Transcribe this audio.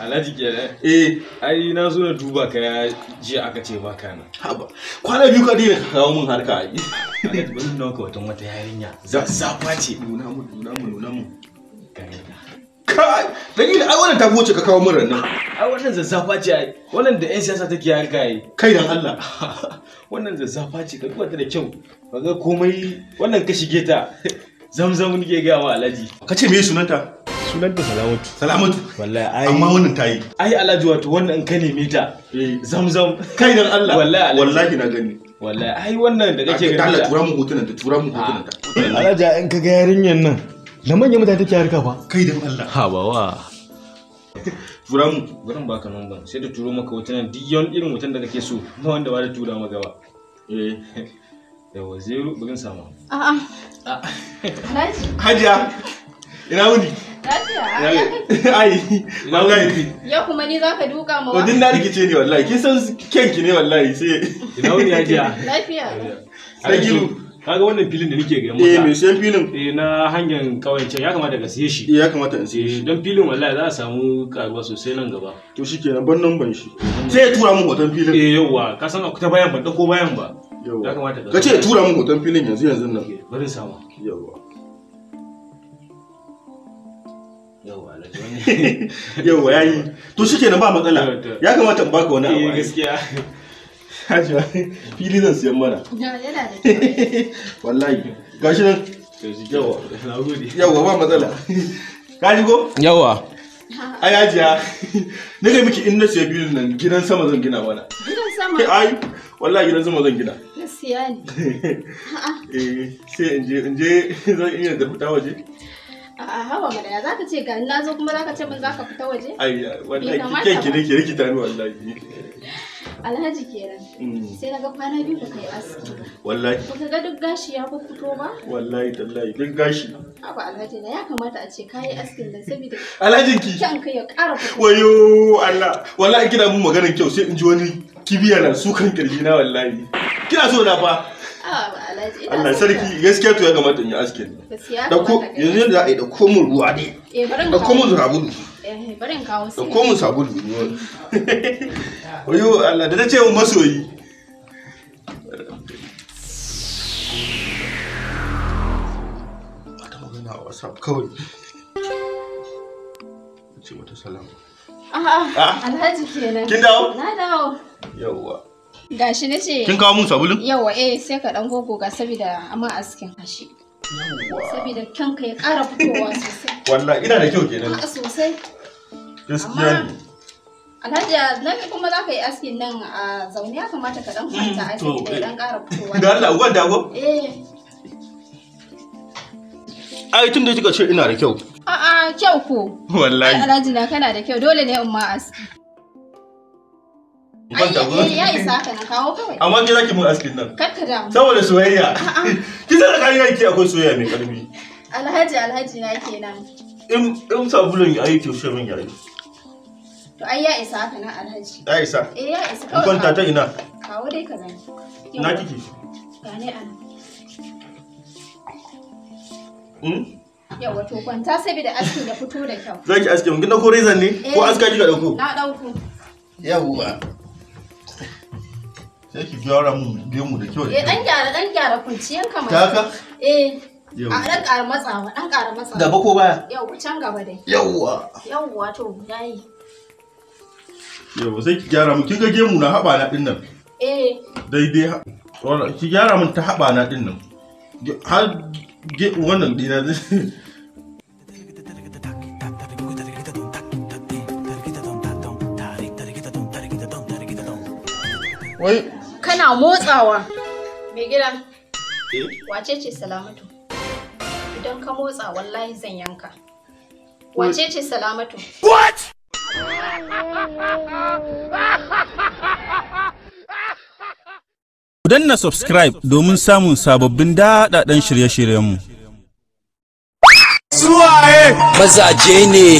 alhaji kenan eh ai na zo na duba ka ji aka ce ba kana haba kwana biyu ka dinga kawo mun harka alhaji ban nuna ka wata wata yarinya zazzafa ce nuna mu nuna mu nuna mu kai da ai wannan ta wuce ka kawo mun rannan ai wannan zazzafa ce ai wannan da yan siyasa take harka ai kai dan Allah wannan zazzafa ce ka duba ta da kyau ka ga komai wannan ka shige ta zamzam nake ga wa alhaji ce me sunanta sunan ta salamatu salamatu wallahi amma wannan tayi ai alhaji wato wannan in ka neme ta eh, zamzam kai dan Allah wallahi wallahi na gani wallahi ai wannan da kake gani Allah tura mu hotunan ta tura mu hotunan ta ah. alhaji in ka ga yarinyan nan da manyan mutane take harka fa kai dan Allah ha ba wa tura mu gurin baka nan ban sai da turo maka hotunan diyon irin hoton da kake so ba wanda ba da tura maka gaba eh da zero bugun sama a'a ah. hajiya ina wuni ai wallahi ya kuma ni zaka duka ma wadin na rikice ne wallahi kin san kenki ne wallahi sai ina wuni ya jiya lafiya sai gilu kaga wannan filin da nake ga mota eh me sayan filin eh na hanyar kauyen can ya kamata ka siye shi ya kamata in siye shi dan eh, eh, filin wallahi za a samu karuwa sosai nan gaba to shikenan ban nan ban shi sai ya tura mun hoton filin eh yawa ka san akwai ta bayan ban dako bayan ba ya kamata ka ce ya tura mun hoton filin yanzu yanzu nan eh, bari sama yawa yauwa ya yi to shi kenan ba matsala ya kamata in baka wani abu eh, gaskiya hajiya fili zan siyan mana wallahi ga shi nan yauwa ba matsala ka ji ko yauwa ai hajiya ne ga miki inda na siya biyu nan gidan sama zan gina mana gidan sama ai wallahi gidan sama zan gina gaskiya ne eh sai in je in je zan iya da fita waje a hawa mana ya zaka ce ga na zo kuma zaka ce min zaka fita waje? Ai wallahi kike ki nake rikita ni wallahi. Alhaji kenan. Mm. Sai na ga kwana biyu kai aski. Wallahi. Ka ga duk gashi ya fito ba? Wallahi tallahi duk gashi. Aba Alhaji ne ya kamata a ce kayi askin nan saboda Alhaji ki. Kyan kai ya ƙara fito. Wayo Allah. Wallahi kina mun maganar kyau sai in ji wani kibiya na sukan kirji na wallahi. Kina so na fa. Ah, Allah sarki gaskiya to ya kamata in yi aske. Da ko yanzu yadda za a yi da komun ruwa ne. Da komun sabulu. Eh, da komun sabulu. Oyo Allah da ta ce wa masoyi. Mata magana a WhatsApp kawai. Ce mata salama. A'a, ah, ah, Alhaji kenan. Kin dawo? Na dawo. Yawwa. Gashi na ce. Kin kawo mun sabulun? Yawa eh sai ka dan gogo ga saboda amma askin kashi. Saboda kanka ya ƙara fitowa sosai. Walla ina da kyau kenan. Ka sosai. Gaskiya ne. Alhaji na kuma za ka yi askin nan a zaune ya kamata ka dan hmm, kwanta a cikin ya dan eh. ƙara fitowa. Da Allah uwar dago? Eh. Ai tun da kika ce ina da kyau. A'a kyau ko? Wallahi. Alhaji na kana da kyau dole ne in ma aski. Ban ta gudu. Eh, ya isa ka na kawo kawai. Amma ke zaki mun askin nan. Kar ka damu. Saboda soyayya. Ki san da yi ki akwai soyayya mai karfi. Alhaji Alhaji na kenan. In in sabulun ya yi kyau min ya yi. To ai ya isa haka na Alhaji. Ya isa. Eh ya isa kawai. Kwanta ta ina. Kawo dai ka gani. Na kike. Gane an. Mm? Yawa to kwanta saboda askin ya fito da kyau. Zaki mun gina ko rezan ne? Ko eh. aska kika dauko? Na dauko. Yawwa. sai ki gyara mun gemu da kyau da eh, kyau. Eh dan gyara dan gyara kunciyan kamar. Ta haka? Eh. A dan ƙara matsawa, dan ƙara matsawa. Gaba ko baya? Yau can gaba dai. Yauwa. Yauwa to yayi. Yau sai ki gyara mu. kin ga gemu na haba na din nan. Eh. Daidai ki gyara mun ta haba na din nan. Har ge wannan dina Wait. yana motsawa mai gida eh? wace ce salamatu idan ka motsa wallahi zan yanka wace ce salamatu what Ku danna subscribe domin samun sababbin daɗaɗɗen shirye-shiryenmu. Suwaye! Mazaje ne!